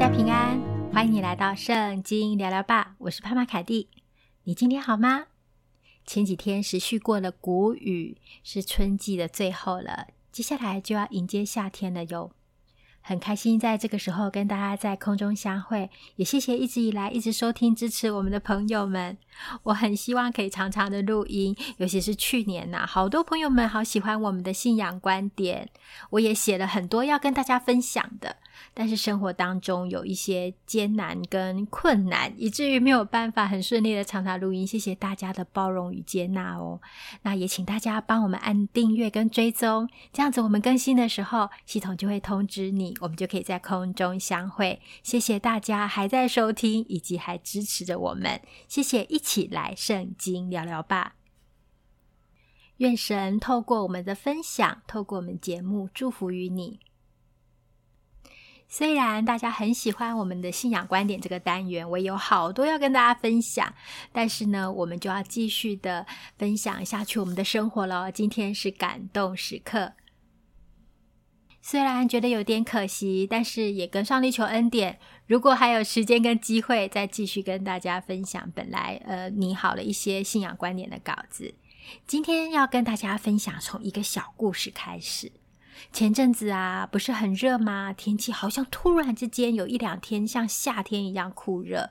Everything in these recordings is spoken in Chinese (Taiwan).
大家平安，歡迎你來到聖經聊聊吧。我是帕瑪凱蒂，你今天好嗎？前幾天持續過了穀雨，是春季的最後了，接下來就要迎接夏天了喲。很開心在這個時候跟大家在空中相會，也謝謝一直以來一直收聽支持我們的朋友們。我很希望可以常常的錄音，尤其是去年吶、啊，好多朋友們好喜歡我們的信仰觀點，我也寫了很多要跟大家分享的。但是生活當中有一些艱難跟困難，以至於沒有辦法很順利的常常錄音。謝謝大家的包容與接納哦。那也請大家幫我們按訂閱跟追蹤，這樣子我們更新的時候，系統就會通知你，我們就可以在空中相會。謝謝大家還在收聽，以及還支持着我們。謝謝，一起來聖經聊聊吧。願神透過我們的分享，透過我們節目，祝福於你。雖然大家很喜歡我們的信仰觀點這個單元，我有好多要跟大家分享，但是呢，我們就要繼續的分享下去我們的生活咯，今天是感動時刻，雖然覺得有點可惜，但是也跟上帝求恩典。如果還有時間跟機會，再繼續跟大家分享本來呃擬好了一些信仰觀點的稿子。今天要跟大家分享，從一個小故事開始。前陣子啊，不是很熱嗎？天氣好像突然之間有一兩天像夏天一樣酷熱。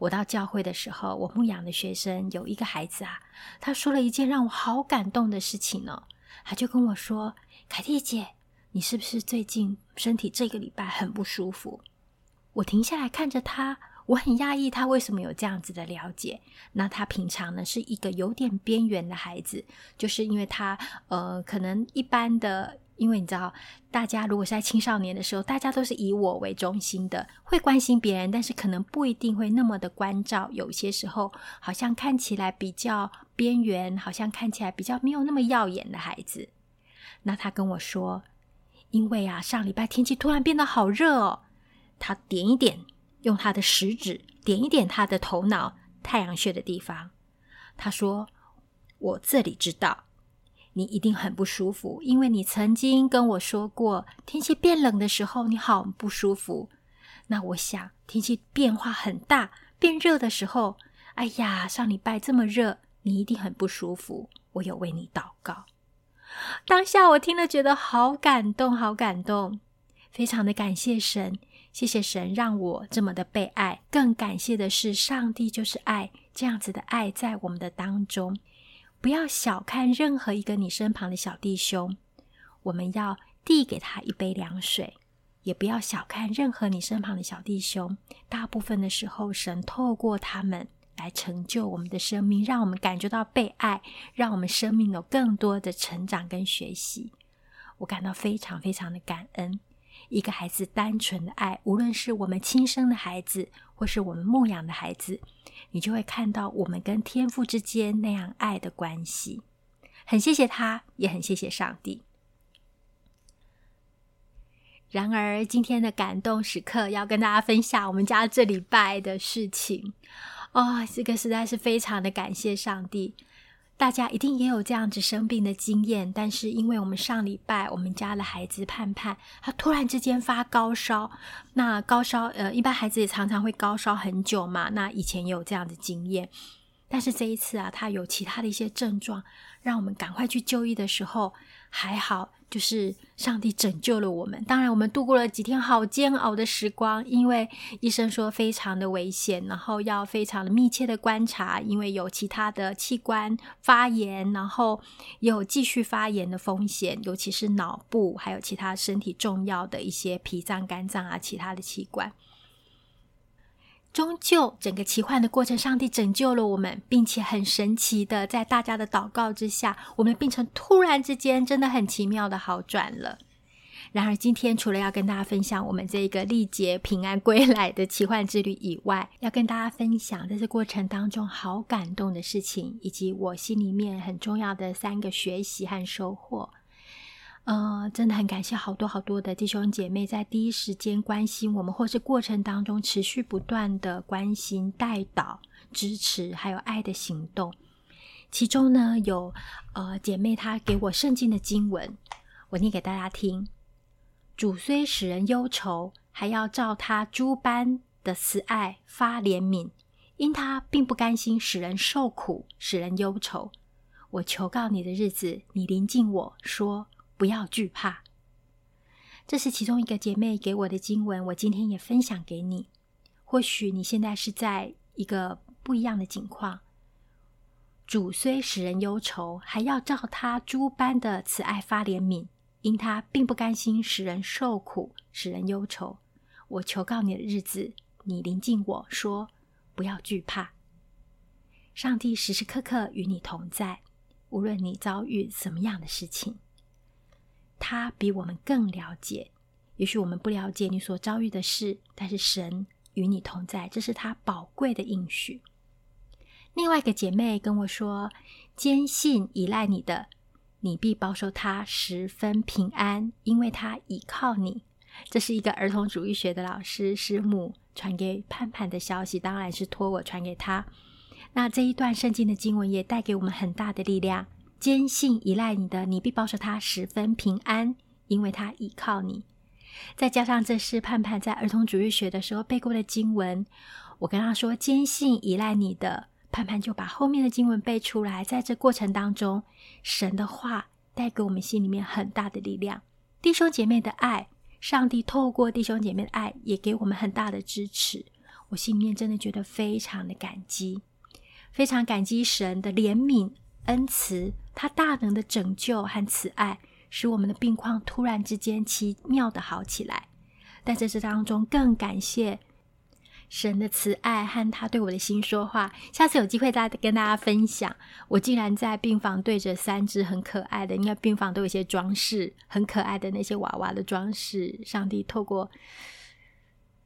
我到教會的時候，我牧養的學生有一個孩子啊，他說了一件讓我好感動的事情呢、哦。他就跟我說：“凱蒂姐，你是不是最近身體這個禮拜很不舒服？”我停下來看着他，我很訝異他為什麼有這樣子的了解。那他平常呢是一個有點邊緣的孩子，就是因為他呃，可能一般的。因為你知道，大家如果是在青少年的時候，大家都是以我為中心的，會關心別人，但是可能不一定會那麼的關照。有些時候，好像看起來比較邊緣，好像看起來比較沒有那麼耀眼的孩子。那他跟我說，因為啊，上禮拜天氣突然變得好熱哦。他點一點，用他的食指，點一點他的頭腦，太陽穴的地方。他說：“我這裡知道。”你一定很不舒服，因為你曾經跟我說過，天氣變冷的時候你好不舒服。那我想天氣變化很大，變熱的時候，哎呀，上禮拜這麼熱，你一定很不舒服。我有為你禱告，當下我聽了覺得好感動，好感動，非常的感謝神，謝謝神讓我這麼的被愛。更感謝的是，上帝就是愛，這樣子的愛在我們的當中。不要小看任何一個你身旁的小弟兄，我們要遞給他一杯涼水。也不要小看任何你身旁的小弟兄，大部分的時候，神透過他們來成就我們的生命，讓我們感覺到被愛，讓我們生命有更多的成長跟學習。我感到非常非常的感恩。一個孩子單純的愛，無論是我們親生的孩子，或是我們牧養的孩子，你就會看到我們跟天父之間那樣愛的關係。很謝謝他，也很謝謝上帝。然而，今天的感動時刻，要跟大家分享我們家這禮拜的事情。哦，這個實在是非常的感謝上帝。大家一定也有這樣子生病的經驗，但是因為我們上禮拜我們家的孩子盼盼，他突然之間發高燒，那高燒，呃，一般孩子也常常會高燒很久嘛，那以前也有這樣的經驗。但是這一次啊，他有其他的一些症狀，讓我們趕快去就醫的時候，還好，就是上帝拯救了我們。當然，我們度過了幾天好煎熬的時光，因為醫生說非常的危險，然後要非常的密切的觀察，因為有其他的器官發炎，然後有繼續發炎的風險，尤其是腦部，還有其他身體重要的一些脾臟、肝臟啊，其他的器官。終究，整個奇幻的過程，上帝拯救了我們，並且很神奇的，在大家的禱告之下，我們病程突然之間，真的很奇妙的好轉了。然而，今天除了要跟大家分享我們這個歷劫平安歸來的奇幻之旅以外，要跟大家分享在這過程當中好感動的事情，以及我心裡面很重要的三個學習和收穫。呃，真的很感謝好多好多的弟兄姐妹在第一時間關心我們，或是過程當中持續不斷的關心、代禱、支持，還有愛的行動。其中呢，有呃姐妹她給我聖經的經文，我念給大家聽。主雖使人憂愁，還要照他諸般的慈愛發憐憫，因他並不甘心使人受苦、使人憂愁。我求告你的日子，你臨近我，說。不要懼怕，這是其中一個姐妹給我的經文，我今天也分享給你。或許你現在是在一個不一樣的境況。主雖使人憂愁，還要照他諸般的慈愛發憐憫，因他並不甘心使人受苦、使人憂愁。我求告你的日子，你臨近我說：“不要懼怕。”上帝時時刻刻與你同在，無論你遭遇什麼樣的事情。他比我們更了解，也許我們不了解你所遭遇的事，但是神與你同在，這是他寶貴的應許。另外一個姐妹跟我說，堅心倚賴你的，你必保守他十分平安，因為他倚靠你。這是一個兒童主日學的老師師母傳給盼盼的消息，當然是托我傳給他。那這一段聖經的經文也帶給我們很大的力量。堅信依賴你的，你必保守他十分平安，因為他依靠你。再加上這是盼盼在兒童主日學的時候背過的經文，我跟他說：“堅信依賴你的。”盼盼就把後面的經文背出來。在這過程當中，神的話帶給我們心裡面很大的力量。弟兄姐妹的愛，上帝透過弟兄姐妹的愛也給我們很大的支持。我心裡面真的覺得非常的感激，非常感激神的憐憫。恩慈，他大能的拯救和慈愛，使我們的病況突然之間奇妙的好起來。但在這當中，更感謝神的慈愛和他對我的心說話。下次有機會再跟大家分享，我竟然在病房對着三隻很可愛的，因為病房都有一些裝飾，很可愛的那些娃娃的裝飾，上帝透過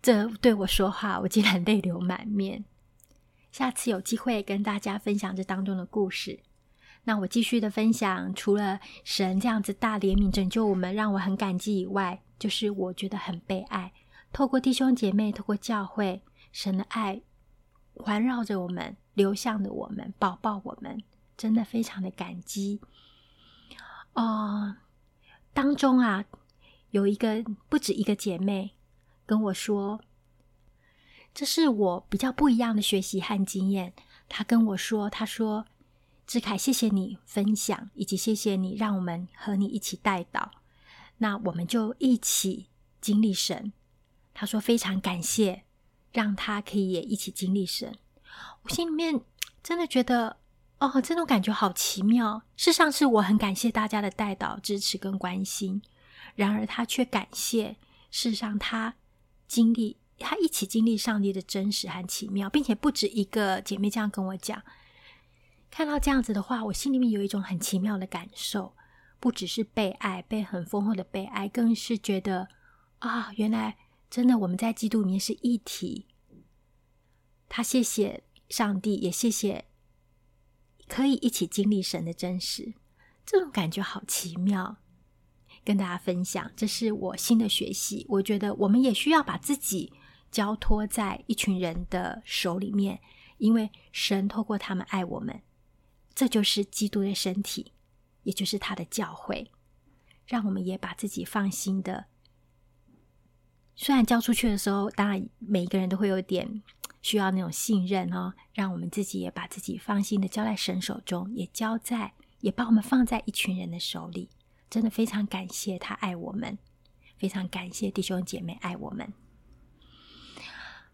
這對我說話，我竟然淚流滿面。下次有機會跟大家分享這當中的故事。那我繼續的分享，除了神這樣子大憐憫拯救我們，讓我很感激以外，就是我覺得很被愛。透過弟兄姐妹，透過教會，神的愛環繞着我們，流向着我們，抱抱我們，真的非常的感激。哦，當中啊，有一個不止一個姐妹跟我說，這是我比較不一樣的學習和經驗，她跟我說，她說。志凱，謝謝你分享，以及謝謝你讓我們和你一起代禱。那我們就一起經歷神。他說非常感謝，讓他可以也一起經歷神。我心裡面真的覺得，哦，這種感覺好奇妙。事實上，是我很感謝大家的代禱、支持跟關心。然而，他卻感謝，事實上他經歷，他一起經歷上帝的真實和奇妙，並且不止一個姐妹這樣跟我講。看到這樣子的話，我心裡面有一種很奇妙的感受，不只是被愛，被很豐厚的被愛，更是覺得，啊，原來真的我們在基督裡面是一體。他謝謝上帝，也謝謝可以一起經歷神的真實，這種感覺好奇妙。跟大家分享，這是我新的學習。我覺得我們也需要把自己交托在一群人的手裡面，因為神透過他們愛我們。這就是基督的身體，也就是他的教會，讓我們也把自己放心的。雖然交出去的時候，當然每一個人都會有點需要那種信任哦，讓我們自己也把自己放心的交在神手中，也交在，也把我們放在一群人的手裡。真的非常感謝他愛我們，非常感謝弟兄姐妹愛我們。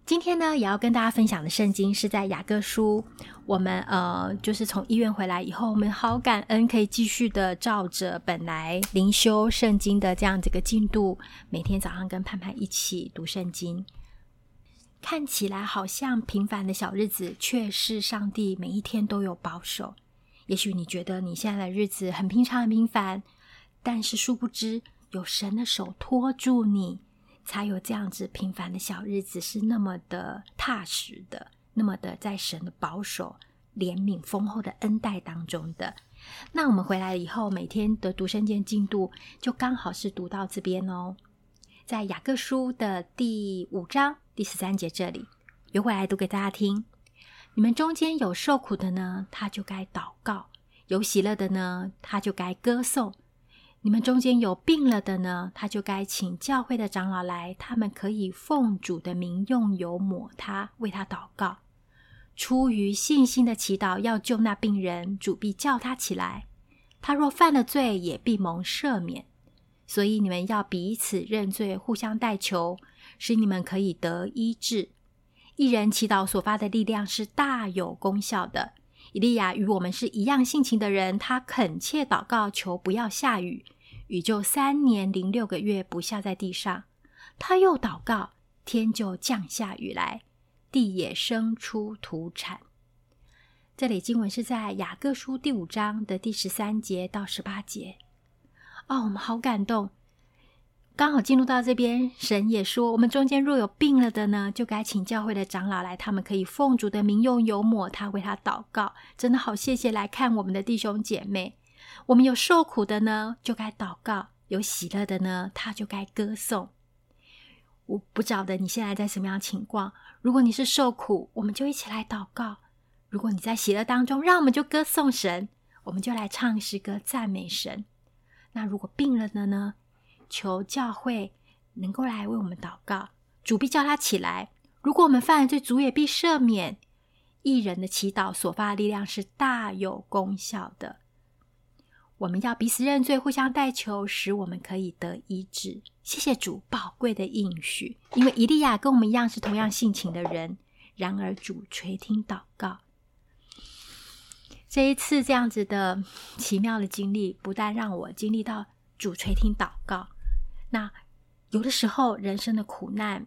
今天呢，也要跟大家分享的聖經是在雅各書。我們呃，就是從醫院回來以後，我們好感恩可以繼續的照着本來靈修聖經的這樣子一個進度，每天早上跟盼盼一起讀聖經。看起來好像平凡的小日子，卻是上帝每一天都有保守。也許你覺得你現在的日子很平常，很平凡，但是殊不知有神的手托住你。才有這樣子平凡的小日子，是那麼的踏實的，那麼的在神的保守、憐憫、豐厚的恩待當中的。那我們回來以後，每天的讀聖經進度就剛好是讀到這邊哦，在雅各書的第五章第十三節這裡，有回來讀給大家聽。你們中間有受苦的呢，他就該禱告；有喜樂的呢，他就該歌頌。你們中間有病了的呢，他就該請教會的長老來，他們可以奉主的名用油抹他，為他禱告。出於信心的祈禱要救那病人，主必叫他起來。他若犯了罪，也必蒙赦免。所以你們要彼此認罪，互相代求，使你們可以得醫治。義人祈禱所發的力量是大有功效的。以利亞與我們是一樣性情的人，他懇切禱告，求不要下雨。雨就三年零六個月不下在地上，他又禱告，天就降下雨來，地也生出土產。這裡經文是在雅各書第五章的第十三節到十八節。哦，我們好感動，剛好進入到這邊，神也說，我們中間若有病了的呢，就該請教會的長老來，他們可以奉主的名用油抹他，為他禱告。真的好，謝謝來看我們的弟兄姐妹。我們有受苦的呢，就該禱告；有喜樂的呢，他就該歌頌。我不曉得你現在在什麼樣的情況。如果你是受苦，我們就一起來禱告；如果你在喜樂當中，讓我們就歌頌神，我們就來唱詩歌讚美神。那如果病了的呢？求教會能夠來為我們禱告，主必叫他起來。如果我們犯了罪，主也必赦免。義人的祈禱所發的力量是大有功效的。我們要彼此認罪，互相代求，使我們可以得醫治。謝謝主寶貴的應許，因為以利亞跟我們一樣是同樣性情的人。然而主垂聽禱告。這一次這樣子的奇妙的經歷，不但讓我經歷到主垂聽禱告，那有的時候人生的苦難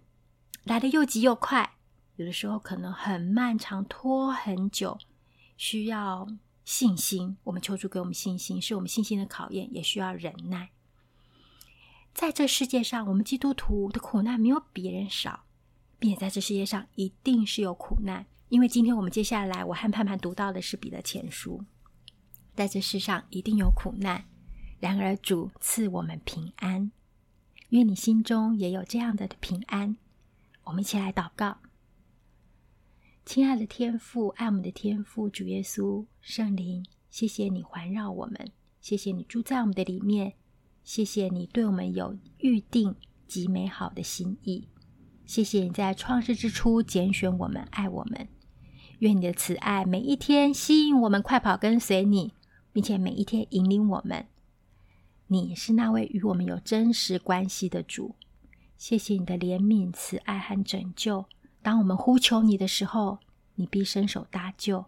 來得又急又快，有的時候可能很漫長，拖很久，需要。信心，我們求主給我們信心，是我們信心的考驗，也需要忍耐。在這世界上，我們基督徒的苦難沒有別人少，並且在這世界上一定是有苦難，因為今天我們接下來我和盼盼讀到的是彼得前書，在這世上一定有苦難。然而主賜我們平安，願你心中也有這樣的平安。我們一起來禱告。親愛的天父，愛我們的天父，主耶穌、聖靈，謝謝你環繞我們，謝謝你住在我們的裡面，謝謝你對我們有預定極美好的心意，謝謝你在創世之初揀選我們、愛我們。願你的慈愛每一天吸引我們快跑跟隨你，並且每一天引領我們。你是那位與我們有真實關係的主，謝謝你的憐憫、慈愛和拯救。當我們呼求你的時候，你必伸手搭救，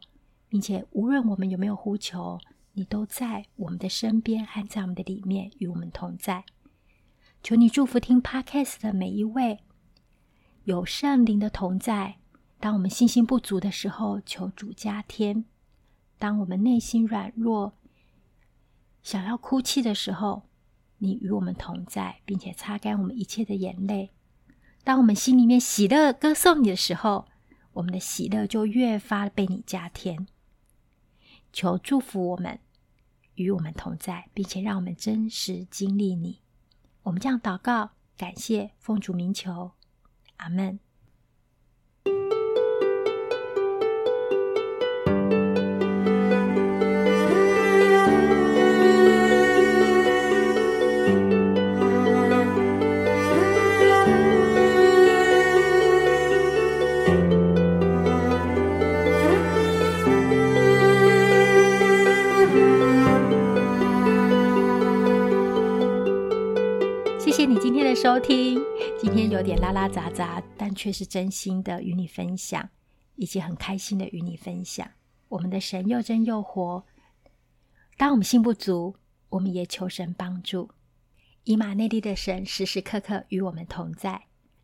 並且無論我們有沒有呼求，你都在我們的身邊，和在我們的裡面，與我們同在。求你祝福聽 Podcast 的每一位，有聖靈的同在。當我們信心不足的時候，求主加添；當我們內心軟弱、想要哭泣的時候，你與我們同在，並且擦乾我們一切的眼淚。當我們心裡面喜樂歌頌你的時候，我們的喜樂就越發被你加添。求祝福我們，與我們同在，並且讓我們真實經歷你。我們這樣禱告，感謝奉主名求，阿門。聽，今天有點拉拉雜雜，但卻是真心的與你分享，以及很開心的與你分享。我們的神又真又活。當我們信不足，我們也求神幫助。以馬內利的神時時刻刻與我們同在。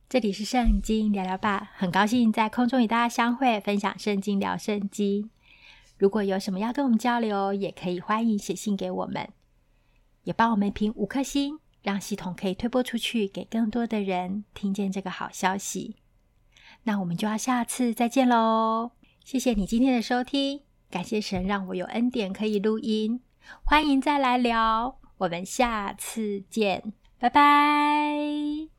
這裡是聖經聊聊吧，很高興在空中與大家相會，分享聖經聊聖經。如果有什麼要跟我們交流，也可以歡迎寫信給我們，也幫我們評五顆星，讓系統可以推播出去，給更多的人聽見這個好消息。那我們就要下次再見嘍！謝謝你今天的收聽，感謝神讓我有恩典可以錄音。歡迎再來聊，我們下次見，拜拜。